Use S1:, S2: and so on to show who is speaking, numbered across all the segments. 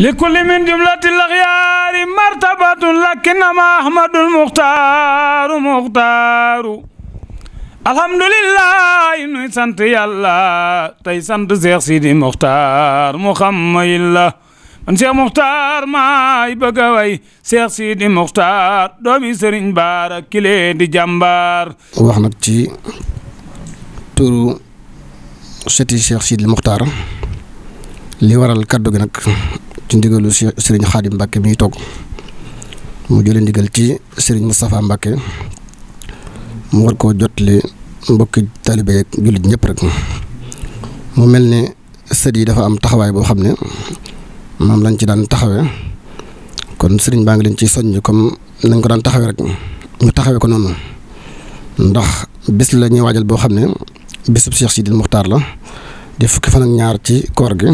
S1: لكل من جملة الأغيار مرتبة لكنما أحمد المختار مختار الحمد لله إنه سنتي الله تي سنت زيخ سيدي مختار محمد الله من شيخ مختار ما يبقوي شيخ سيدي مختار دومي سرين بار كلي دي جمبار
S2: وحنا تي تورو سيتي شيخ سيدي مختار لي ورا الكادو نك ci ndigalu Serigne Khadim mbake mi tok mu jole ndigal ci Serigne mustapha mbake mu war ko jotli mbokki taalibe yeeg jullit ñëpp rek mu melni ne yi dafa am taxaway bo xam mom lañ ci daan taxawé kon Serigne ba nga leen ci soñu comme nañ ko daan taxawé rek mu taxawé ko non ndax bis la ñuy wajal boo xam bisub Cheikh sidine mukhtar la di fukki fan ak ñaar ci koor gi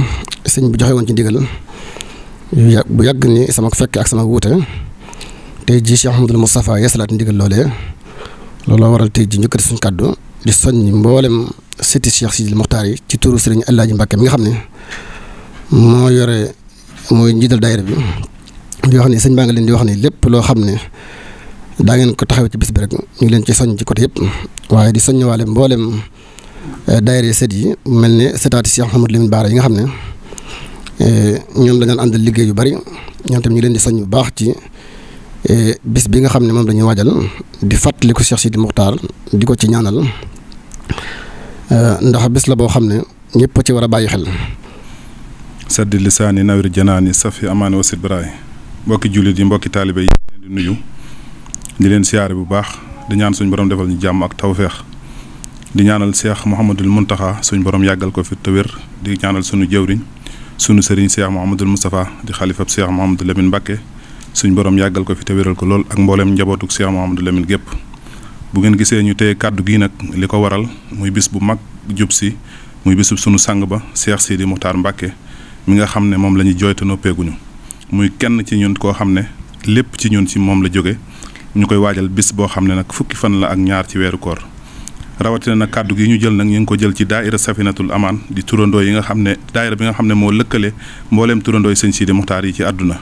S2: sëñ bi joxe ci ndigal. yu bu yàgg ni sama fekke ak sama wuute tey jii Cheikh Ahmadul Moustapha yeesalaat ndigal loolee looloo waral tey jii njëkkati suñ kàddu di soññ mboolem siti si li Mokhtar yi ci turu Serigne Alaaji Mbàkke mi nga xam ne moo yore mooy njiital daayira bi di wax sëñ baa nga leen di wax ni lépp loo xam ne daa ngeen ko taxawee ci bis bi rek ñu ngi leen ci soññ ci côté yëpp waaye di soññawaale mboolem eh, daayira set yi mel ne setaati Cheikh Mouhamadou Lamine Bara yi nga xam ne. ñom dañu ñu àndal liggéey yu bari ñom tam ñu leen di sañ bu baax ci bis bi nga xamne mom moom dañuy di fàttali ko Cheikh Sidi mukhtar diko ci ñaanal
S3: ndax bis la bo xamne ñëpp ci wara bàyyi xel. sadd lisaani nawir janani safi amaani wasit ibrahim mbokk julit yi mbokk talibe yi di nuyu di leen siyar bu baax di ñaan suñu borom defal ñu jàmm ak tawfiq di ñaanal Cheikh mohammedul muntaha suñu borom yagal ko fi te di ñaanal suñu jeewriñ sunu sëriñ Cheikh Mouhamadul Moustapha di xalifab Cheikh Mouhamadul Lamine Mbacke suñu borom yàggal ko fi te ko lool ak mbooleem njabootuk Cheikh Mouhamadul Lamine gépp bu ngeen gisee ñu tey kàddu gi nag li ko waral muy bis bu mag jub si muy bisu sunu sang ba si di Moukhtar Mbacke mi nga xam ne moom la ñuy jooyte noppeeguñu muy kenn ci ñun koo xam ne lépp ci ñun ci moom la jóge ñu koy waajal bis boo xam ne nag fukki fan la ak ñaar ci weeru koor rawatina na kàddu gi ñu jël nag ñu ngi ko jël ci daaira safinatul amaan di turandoo yi nga xam ne daaira bi nga xam ne moo lëkkale mbooleem turandoo yi sëñ Sidi Muxtaar yi ci àdduna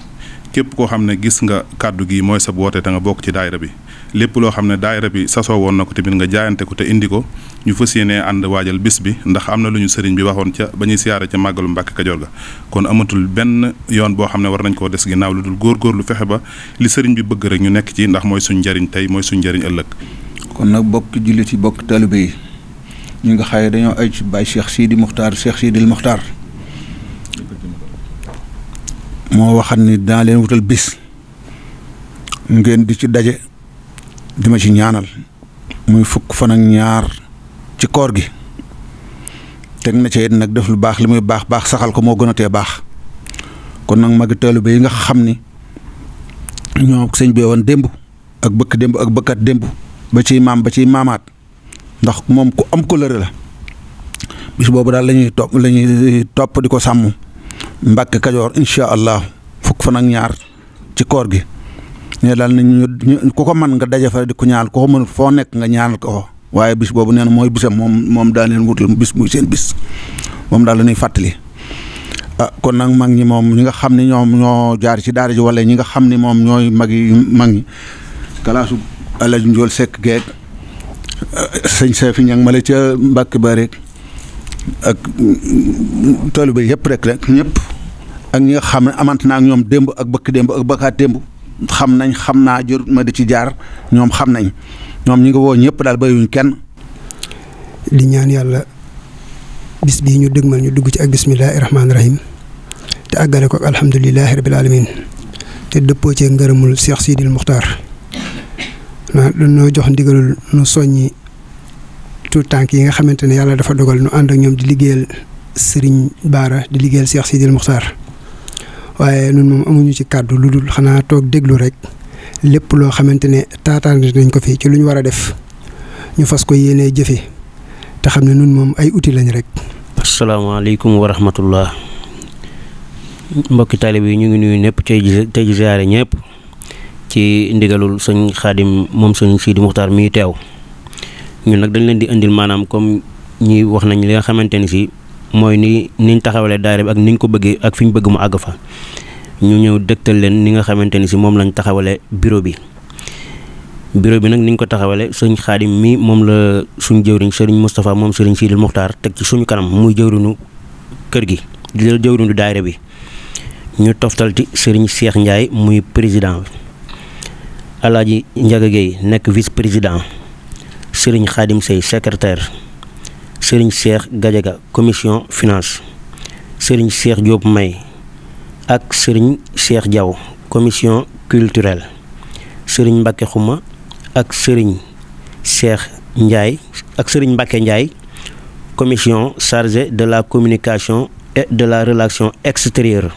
S3: képp koo xam ne gis nga kàddu gi mooy sa woote te nga bokk ci daayira bi lépp loo xam ne daayira bi sasoo woon na ko tamit nga jaayante ko te indi ko ñu fas yéenee ànd waajal bés bi ndax am na lu ñu sëriñ bi waxoon ca ba ñu siyaare ca màggalu Mbàkke Kajoor ga kon amatul benn yoon boo xam ne war nañ koo des ginnaaw lu dul góorgóorlu fexe ba li sëriñ bi bëgg rek ñu nekk ci ndax mooy suñ njariñ tey mooy suñ njariñ ëllëg kon nag bokk jullit yi bokk taalibe yi ñu nga xaye dañoo
S1: ay ci Baay Cheikh Sidi Muxtaar Cheikh Sidil Muxtaar moo waxat ni daa leen wutal bis ngeen di ci daje di ma ci ñaanal muy fukk fan ñaar ci koor gi teg na ci it nag def lu baax li muy baax baax saxal ko moo gën a tee baax kon nag magi taalibe yi nga xam ni ñoo sëñ bi démb ak bëkk démb ak bëkkat démb ba ci maam ba ciy maamaat ndax moom ku am kóllëre la bis boobu daal lañuy ñuy topp la di ko sàmm Mbàkke Kajoor incha allah fukk fan ak ñaar ci koor gi ñu daal na ñu ku ko mën nga daje fa di ko ñaanal ku ko mën foo nekk nga ñaanal ko waaye bis boobu nee mooy bisam moom moom daa leen wutal bis mu seen bis moom daal la ñuy fàttali. a ah, kon nag mag ñi moom ñi nga xam ne ñoom ñoo jaar ci daara ji wala ñi nga xam ni moom ñooy mag yi mag ñi alaj njol sek geek señ sefi ñang male ci mbak ba rek ak tolube yep rek rek ñep ak ñi nga xamne amant na ak ñom demb ak bëkk demb ak baka demb xam nañ xam na jur ma di ci jaar ñom xam nañ ñom ñi nga wo ñëpp dal bayuñ kenn
S2: di ñaan yalla bis bi ñu dëgmal ñu dugg ci ak bismillahir rahmanir rahim te àggale ko ak alhamdullilahi rabbil alamin te deppo ci ngeerumul cheikh sidil muxtaar na noo jox ndigalul nu soññi tout tànk yi nga xamante ne yàlla dafa dogal nu ànd ak ñoom di liggéeyal sëriñ Baara di liggéeyal Cheikh Sidil Muxtaar waaye nun moom amuñu ci kàddu lu dul xanaa toog déglu rek lépp loo xamante ne taataan nañ ko fi ci lu ñu war a def ñu fas ko yéene jëfe te xam ne nun moom ay uti lañ rek.
S4: asalaamaaleykum wa rahmatullah mbokki taalib yi ñu ngi nuyu ñëpp tey ji tey ji ziare ñëpp. ci ndigalul sëñ xaadim moom sëñ Sidi Muxtaar mi teew ñun nag dañ leen di indil maanaam comme ñi wax nañ li nga xamante ni si mooy nii niñ taxawalee daayira bi ak niñ ko bëggee ak fi ñu bëgg mu àgg fa ñu ñëw dëgtal leen ni nga xamante ni si moom lañ taxawale bureau bi bureau bi nag niñ ko taxawale sëñ xaadim mii moom la suñ jëwriñ sëriñ Moustapha moom sëriñ Sidil Muxtaar teg ci suñu kanam muy jëwriñu kër gi di jëwriñu daayira bi ñu toftal ci sëriñ Cheikh Ndiaye muy président bi Aladi Ndiaga Gueye vice président Serigne Khadim Sey secrétaire Serigne Cheikh Gadjaga, commission finance Serigne Cheikh Diop May ak Serigne Cheikh Diaw commission culturelle Serigne Baké Khouma ak Serigne Cheikh Ndiaye ak Serigne commission chargée de la communication et de la relation extérieure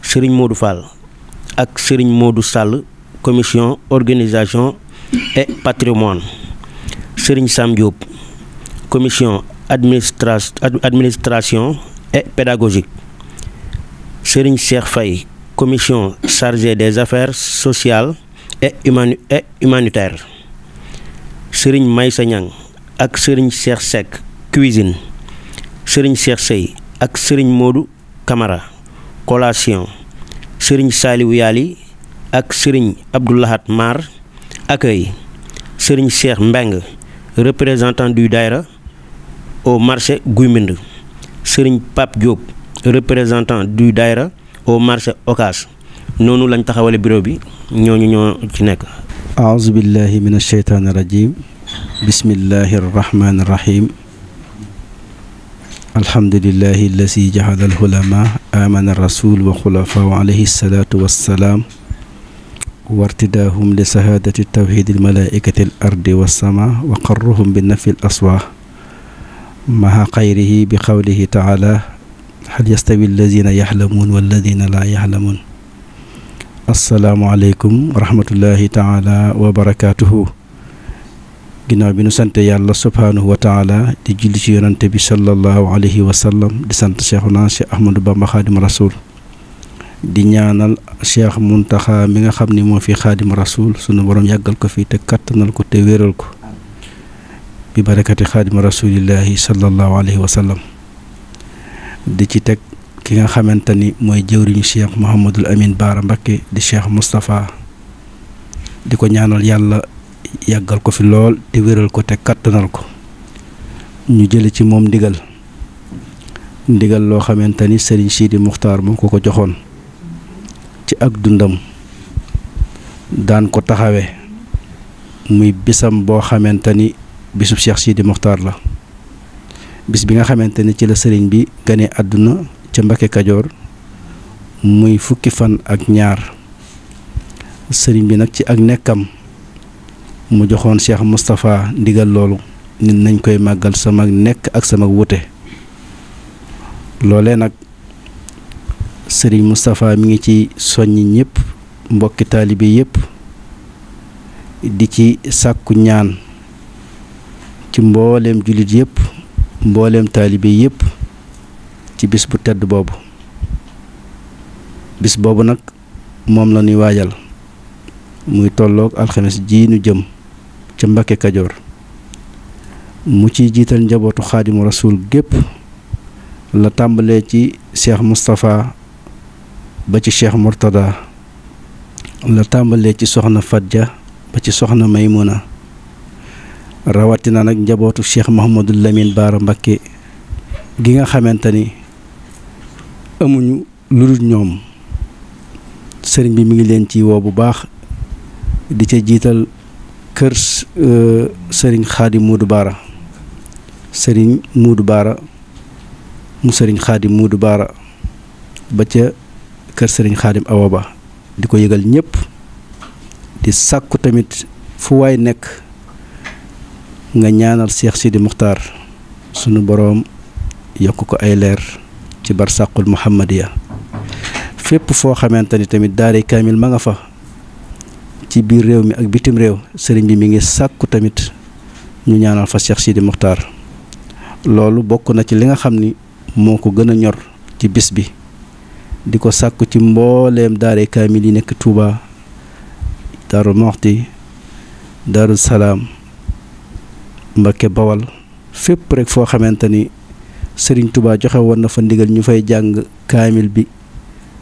S4: Serigne Modou Fall ak Serigne Modou Sall commission organisation et patrimoine. Serigne Sam commission administration et pédagogique. Serigne Serfaï, commission chargée des affaires sociales et, humanitaires. Serigne Maïsanyang Niang ak Serigne cuisine. Serigne Cheikh Sey ak Serigne Modou Camara collation. Serigne Sali ak serigne Abdoulahat Mar accueil serigne Cheikh Mbeng représentant du Daïra au marché guimind serigne pap Pape Diop représentant du Daïra au marché okas noonu lañ taxawale bureau bi ñoñu ñoo ci nek
S5: aouzu billahi minash shaitani rajim bismillahi arrahmani rahim alhamdulillahi لله الذي جعل amana rasul الرسول وخلفاء alayhi الصلاة والسلام وارتداهم لسهادة التوحيد الملائكة الأرض والسماء وقرهم بالنفي الأصواه مع خيره بقوله تعالى هل يستوي الذين يحلمون والذين لا يعلمون السلام عليكم ورحمة الله تعالى وبركاته ginaaw bi nu sante yàlla subhanahu wa taala di julli ci yonante bi sallallahu alayhi wa sallam di sant cheikhuna di ñaanal Cheikh Muntaxa mi nga xam ni moo fi xaadim rasul sunu borom yàggal ko fi te kàttanal ko te wéral ko bi barakati xaadim rasulillahi sallallahu alayhi wa sallam di ci teg ki nga xamante ni mooy jëwriñu Cheikh Mouhamadul Amin Baara Mbakke di Cheikh Moustapha di ko ñaanal yàlla yàggal ko fi lool te wéral ko te kattanal ko ñu jële ci moom ndigal ndigal loo xamante ni Serigne Sidi Muxtaar moo ko ko joxoon ak dundam daan ko taxawe muy bisam boo xamante ni bisub Cheikh Sidi Mokhtar la bis bi nga xamante ni ci la sëriñ bi gane àdduna ca Mbakke Kajoor muy fukki fan ak ñaar sëriñ bi nag ci ak nekkam mu joxoon Cheikh Moustapha ndigal loolu nit nañ koy màggal sama nekk ak sama wute loolee nag sëriñ Mustafa mi ngi ci soññ ñepp mbokki talibé yépp di ci sakku ñaan ci mbolém yip yépp mbolém talibé yépp ci bis bu tedd bobu bis bobu nak mom la ñuy wajal muy al alxames ji nu jëm ci mbacké kadior mu ci jital njabotu khadim rasul gep la tambalé ci Cheikh Mustafa ba ci cheikh Mourtada la tàmbalee ci soxna Fadja ba ci soxna Maymuna rawatina nag njabootu cheikh Mouhamadul Lamine Baara Mbakke gi nga xamante ni amuñu lu dul ñoom sëriñ bi mu ngi leen ci woo bu baax di ca jiital kër euh, sëriñ Xaadim Muudu Baara sëriñ Muudu Baara mu sëriñ Xaadim Muudu Baara ba ca. kër sëriñ xaadim awaba diko di ko yëgal ñëpp di sakku tamit fu way nek nga ñaanal cheikh sidi muxtaar sunu borom yok ko ay leer ci barsàqul muhammadiya fépp fo xamanteni tamit daare kamil ma nga fa ci biir rew mi ak bitim rew sëriñ bi mi ngi sakku tamit ñu ñaanal fa cheikh sidi muxtaar lolu bokku na ci li nga xamni moko gëna ñor ci bis bi di ko sàkku ci mbooleem daare kaamil yi nekk Touba Daaru Moxti Daaru Salaam Mbakke Bawal fépp rek foo xamante ni sëriñ Touba joxe woon na fa ndigal ñu fay jàng kaamil bi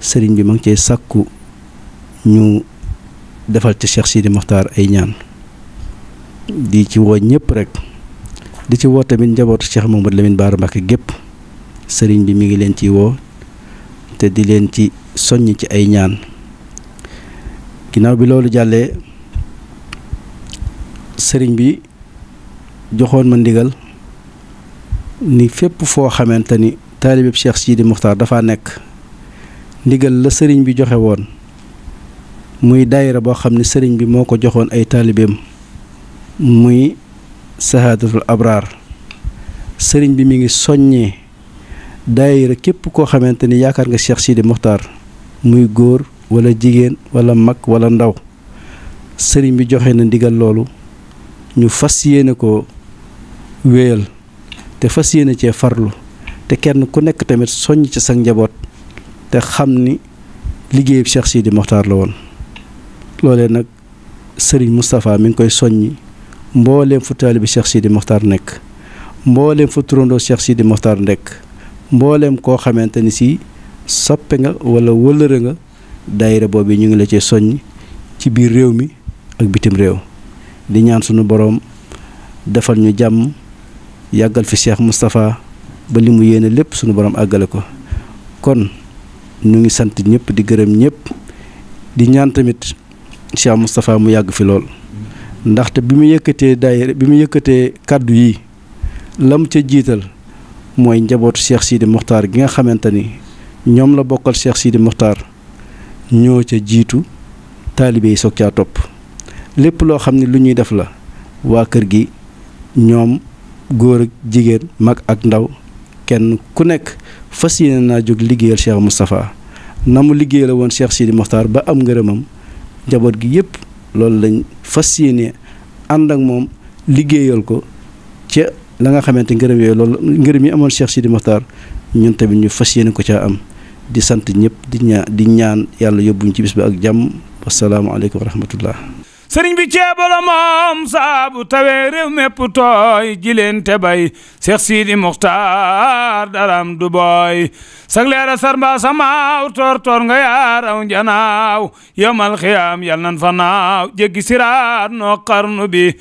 S5: sëriñ bi mag ngi sàkku ñu defal ci Cheikh Sidi Mokhtar ay ñaan di ci woo ñëpp rek di ci woo tamit njabootu Cheikh Mamadou Lamine Bara Mbacké gépp sëriñ bi mi ngi leen ci woo te di leen ci soññ ci ay ñaan ginnaaw bi loolu jàllee sëriñ bi joxoon ma ndigal ni fépp foo xamante ni taalibeb Cheikh Sidi Muxtaar dafa nekk ndigal la sëriñ bi joxe woon muy dayre boo xam ne sëriñ bi moo ko joxoon ay taalibeem muy sahaadatul abraar sëriñ bi mu ngi soññee daayira képp koo xamante ni yaakaar nga Cheikh Sidi Mokhtar muy góor wala jigéen wala mag wala ndaw sëriñ bi joxe na ndigal loolu ñu fas yéene ko wéyal te fas yéene cee farlu te kenn ku nekk tamit soññ ci sa njaboot te xam ni liggéeyub Cheikh Sidi Mokhtar la woon loole nag sëriñ mustafaa mi ngi koy soññi mbooleem fu taalibi Cheikh Sidi Mokhtar nekk mbooleem fu turandoo Cheikh Sidi Mokhtar nekk mbooleem koo xamante ni si soppe nga wala wëlëre nga daayira boobu ñu ngi la ci soññ ci biir réew mi ak bitim réew di ñaan sunu boroom defal ñu jàmm yàggal fi Cheikh Moustapha ba li mu yéene lépp sunu boroom àggale ko kon ñu ngi sant ñëpp di gërëm ñëpp di ñaan tamit Cheikh Moustapha mu yàgg fi lool ndaxte bi mu yëkkatee daayira bi mu yëkkatee kàddu yi lam ca jiital mooy njabootu Cheikh Sidi moxtar gi nga xamante ni ñoom la bokkal Cheikh Sidi moxtar ñoo ca jiitu taalibe yi soog caa topp lépp loo xam ne lu ñuy def la waa kër gi ñoom góor ak jigéen mag ak ndaw kenn ku nekk fas yéene naa jóg liggéeyal Cheikh Moustapha na mu liggéey la woon Cheikh Sidi Mokhtar ba am ngërëmam njaboot gi yépp loolu lañ fas yéene ànd ak moom liggéeyal ko ca la nga xamanteni ngërëm yoy loolu ngërëm yi amone Cheikh Sidi mohtar ñun tamit ñu fassiyene ko ci am di sant ñep di ñaan di ñaan yàlla yóbbuñ ci bis ak jam assalamu alaykum wa rahmatullah
S1: sëriñ bi bo moom sa bu tawé rew mepp toy te bay Cheikh Sidi Mokhtar daram du boy sag leera sarmba samaaw tor toor nga yaaraw njanaaw yomal xiyaam yal nan fa jeegi sirat no noo bi